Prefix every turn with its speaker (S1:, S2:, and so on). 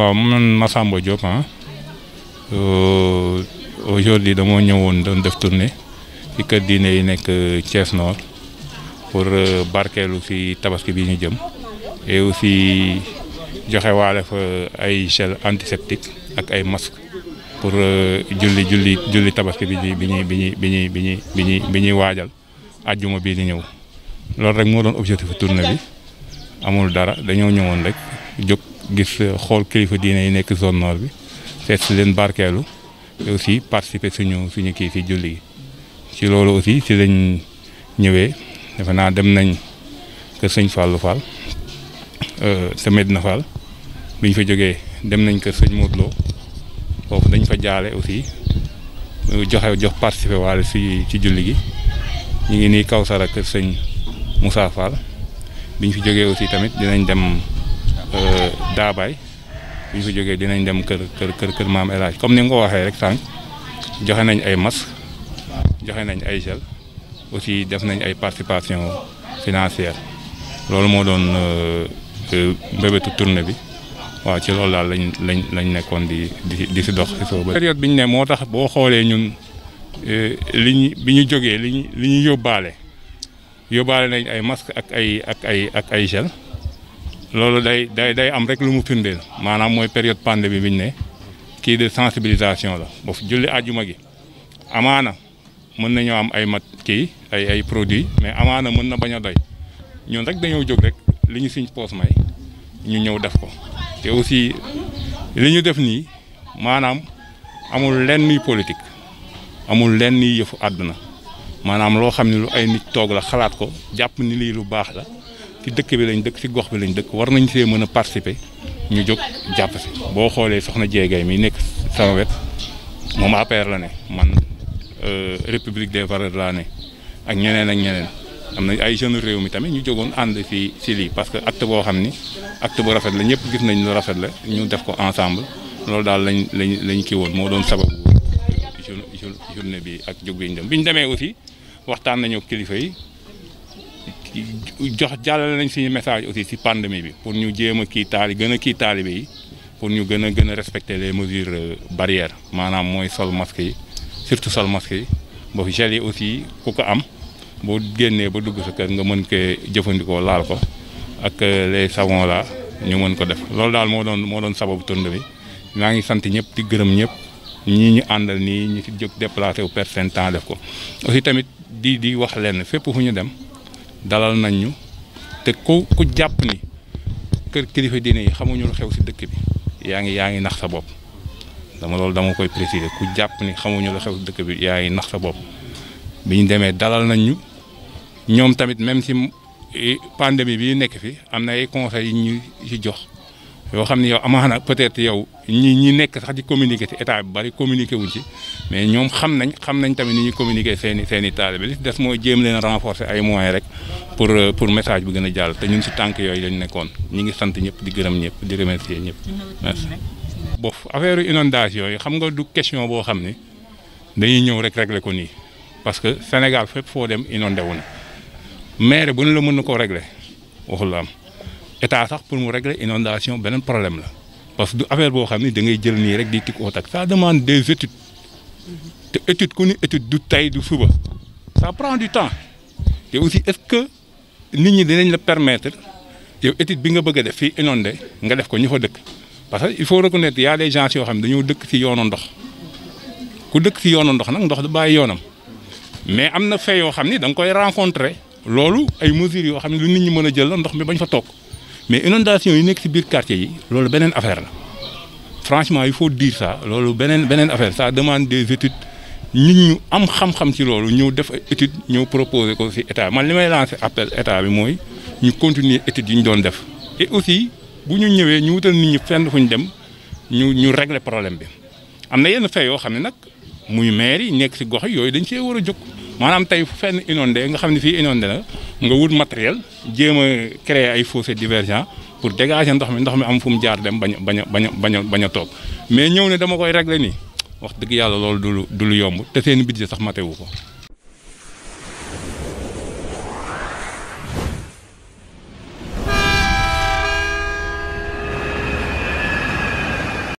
S1: waaw man Massamba Diop ah euh, aujourd'hui damoo ñëwoon doon def tournée ci kër diine yi nekk euh, Thiès Nord pour euh, barkeelu ci tabaski bi ñu jëm et aussi joxe waale fa ay gel antiseptique ak ay masque pour julli julli julli tabaski bi ñuy bi ñuy bi ñuy bi ñuy bi ñuy bi ñuy bi ñuy waajal ajjuma bii di ñëw loolu rek moo doon objectif tournée bi amul dara dañoo ñëwoon rek jóg gis euh, xool kilifa diine yi nekk zone nord bi seet si leen barkeelu te aussi participer suñu suñu kii si julli gi ci loolu aussi si lañ ñëwee defe naa dem nañ kër sëñ Fallou Fall sa euh, fa jógee dem nañ kër sëñ Modou Lo foofu jaale aussi euh, joxe jox participer waale si ci julli gi ngi nii Kawsara kër sëñ Moussa fi jógee aussi tamit dinañ dem. daabaay baay ñu ko jógee dinañ dem kër kër kër kër maam El Hadj comme ni nga ko waxee rek sànq joxe nañ ay masque joxe nañ ay gel aussi def nañ ay participation financière loolu moo doon euh, mbébétu tourne bi waaw ci loolu daal lañ lañ lañ nekkoon di di di si dox si sooba période bi ñu ne moo tax boo xoolee ñun euh, li ñu bi ñu jógee li ñu li ñu yóbbaale yóbbaale nañ ay masque ak ay ak ay ak ay gel loolu day day day am rek lu mu firndeel maanaam mooy période pandémie bi ñu ne kii de sensibilisation la ba julli àjjuma gi amaana mën nañoo am ay mat kii ay ay produits mais amaana mën na bañ a doy ñun rek dañoo jóg rek li ñu suñ poos may ñu ñëw def ko te aussi li ñu def nii maanaam amul lenn politique amul nii yëfu àdduna maanaam loo xam ne lu ay nit toog la xalaat ko jàpp ni lii lu baax la. ci dëkk bi lañ dëkk ci gox bi lañ dëkk war nañ see mën a participer ñu jóg jàpp si boo xoolee soxna Jéegay mii nekk sama wet moom APR la ne man euh, république des valeurs laa ne ak ñeneen ak ñeneen am na ay jeunes réew mi tamit ñu jógoon ànd si si lii parce que acte boo xam ni acte bu rafet la ñëpp gis nañ lu rafet la ñu def ko ensemble loolu daal lañ lañ lañ kii woon moo doon sababu journée bi ak jóg bi ñu dem bi ñu demee aussi waxtaan nañu kilifa yi. jox jàllale nañ suñu message aussi si pandemi bi pour ñu jéema a kii taali gën a kii taalibe yi pour ñu gën a gën a respecter les mesures euh, barrières maanaam mooy sol masque yi surtout sol masque yi ba yi aussi ku ko am boo génnee ba dugg sa kër nga mën ko jëfandikoo laal ko ak euh, les savons là ñu mën ko def loolu daal moo doon moo doon sababu tournée bi maa ngi sant ñëpp di gërëm ñëpp ñii ñu àndal nii ñu si jóg déplacé wu perte seen temps def ko aussi tamit di di wax lenn fépp fu ñu dem. dalal nañ ñu te ku ku jàpp ni kër kilifa diine yi xamuñu lu xew si dëkk bi yaa ngi yaa ngi nax sa bopp dama loolu dama koy préciser ku jàpp ni xamuñu lu xew si dëkk bi yaa ngi nax sa bopp bi ñu demee dalal nañ ñu ñoom tamit même si eh, pandémie bi nekk fi am na ay conseil yu ñu ci jox. yoo xam ne yow amaana peut-être yow ñi ñi nekk sax di communiquer ci état bari communiquer wuñ ci mais ñoom xam nañ xam nañ tamit ni ñuy communiquer seeni i seen i taalibe li ci des mooy jéem leen renforcer ay moyens rek pour pour message bu gën a jàll te ñun ci tànk yooyu lañ nekkoon ñu ngi sant ñëpp di gërëm ñëpp di remercier ñëpp merci. bof affaire yooyu xam nga du question boo xam ni dañuy ñëw rek régler ko nii parce que Sénégal fépp foo dem inondé wu na maire bu ñu la mën na koo régler waxul am. état sax pour mu régler inondation beneen problème la parce que du affaire boo xam ne dangay jël nii rek di tikk au tak ça demande des études te étude ku ni étude du tey du suba sa prend du temps te aussi est-ce que nit ñi dinañ la permettre yow étude bi nga bëgg a def fii inondé nga def ko ñu fa dëkk parce que il faut reconnaître y a des gens yoo xam ne dañoo dëkk si yoonu ndox ku dëkk si yoonu ndox nag ndox du bàyyi yoonam mais am na fee yoo xam ne da nga koy rencontre loolu ay mesures yoo xam ne lu nit ñi mën a jël la ndox mi bañ fa toog mais inondation yi nekk si biir quartier yi loolu beneen affaire la franchement il faut dire ça loolu beneen beneen affaire ça demande des études nit ñu am xam-xam ci loolu ñëw def ay études ñëw proposer ko si état man li may lancer appel état bi mooy ñu continuer études yi ñu doon def et aussi bu ñu ñëwee ñu wutal nit ñi fenn fu ñu dem ñu ñu régler problème bi am na yenn fee yoo xam ne nag. muy maire yi nekk si gox yooyu dañ see war a jóg maanaam tey fu fenn inondé nga xam ne fii inondé na nga wut matériel jéem créer ay fossé divergent pour dégager ndox mi ndox mi am fu mu jaar dem bañ a bañ a bañ a bañ toog mais ñëw ne dama koy régler nii wax dëgg yàlla loolu du lu du lu yomb te seen budget sax matewu ko.